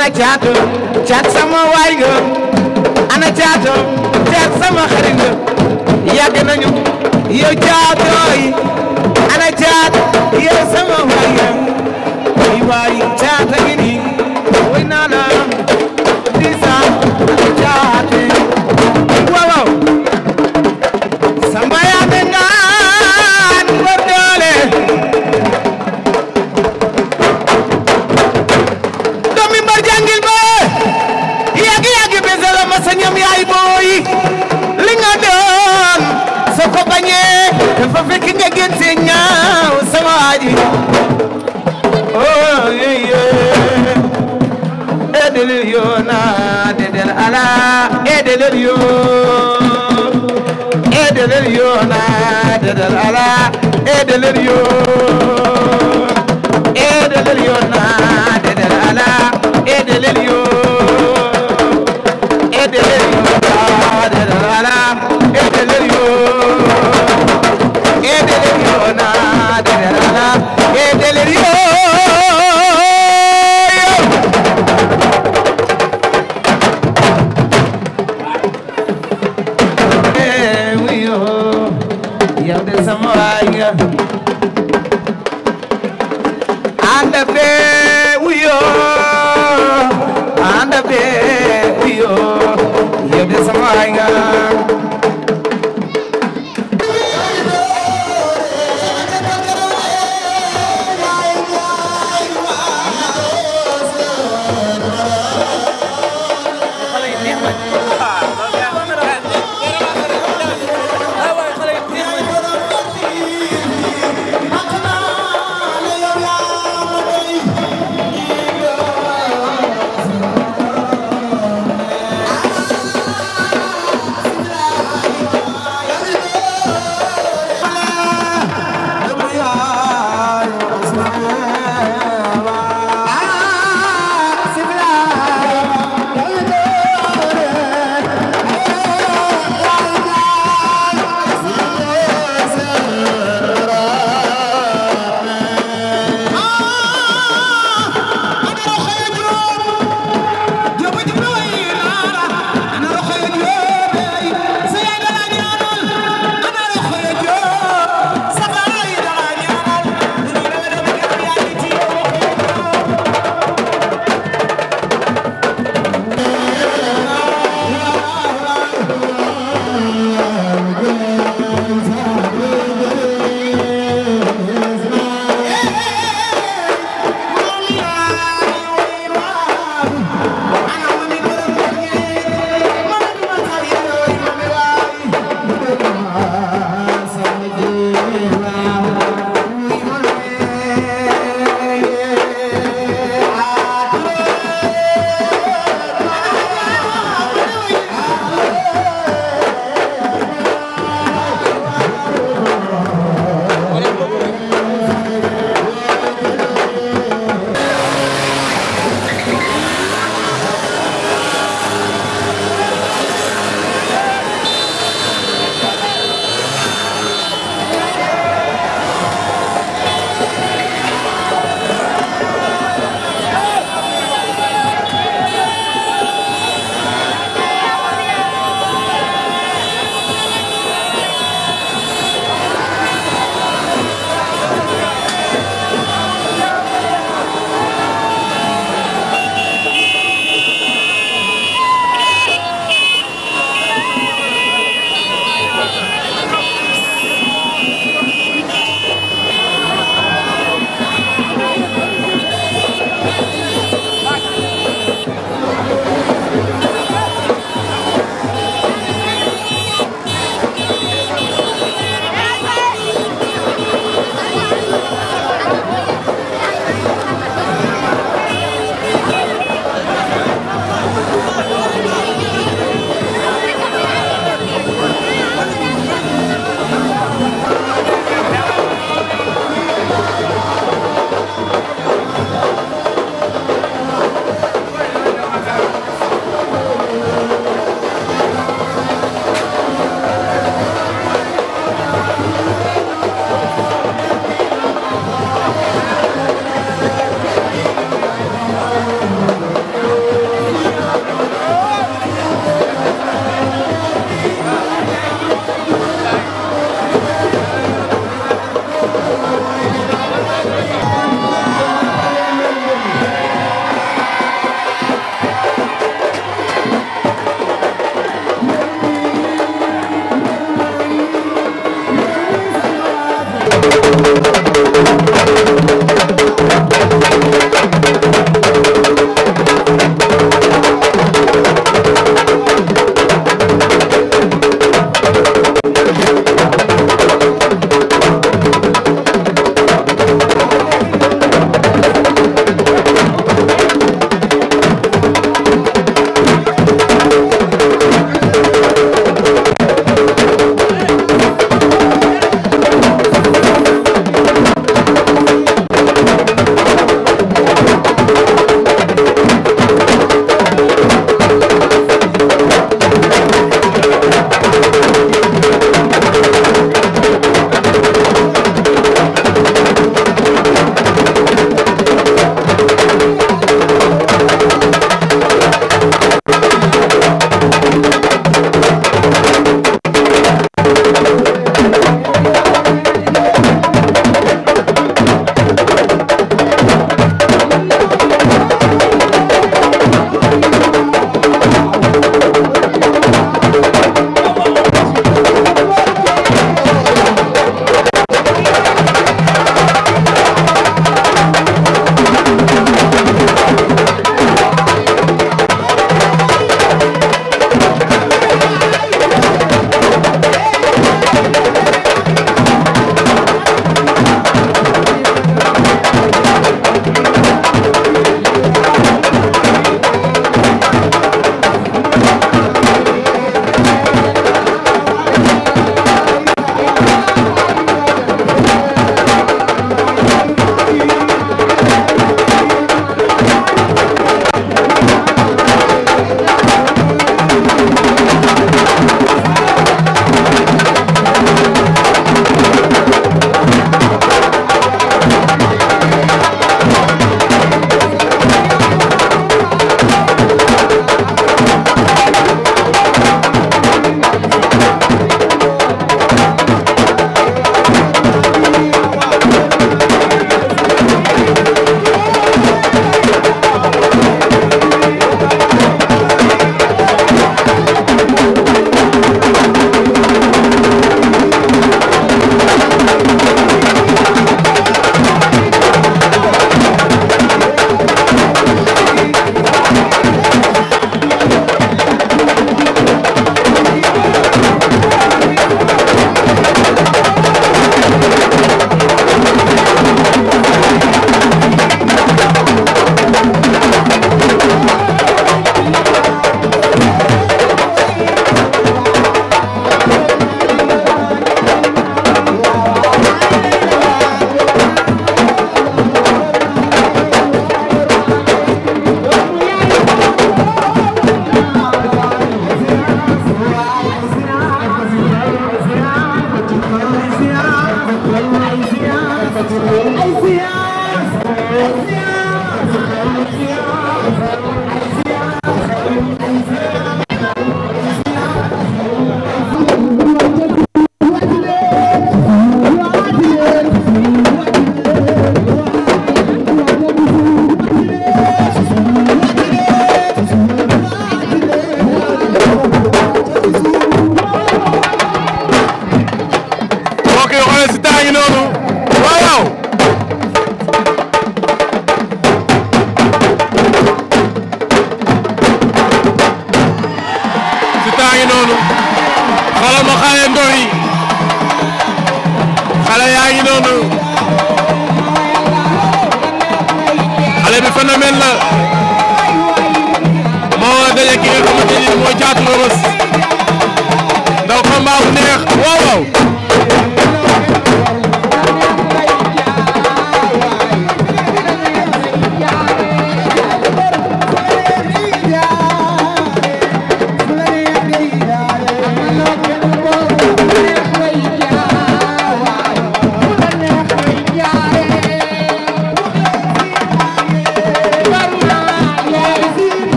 ana caat caat sama waay nga ana caat caat sama xarit nga yàgg nañu yow caat yooy ana caat yow sama waay nga waay caat a ngi nii way naa la ñoom yaay booy li nga doon soo ko bañee dafa fekk nga gënte ñaaw sama aji oh yeye edelil yo na dedel ala edelil yo edelil yo na dedel ala edelil yo edelil yo na dedel ala edelil yo déedéet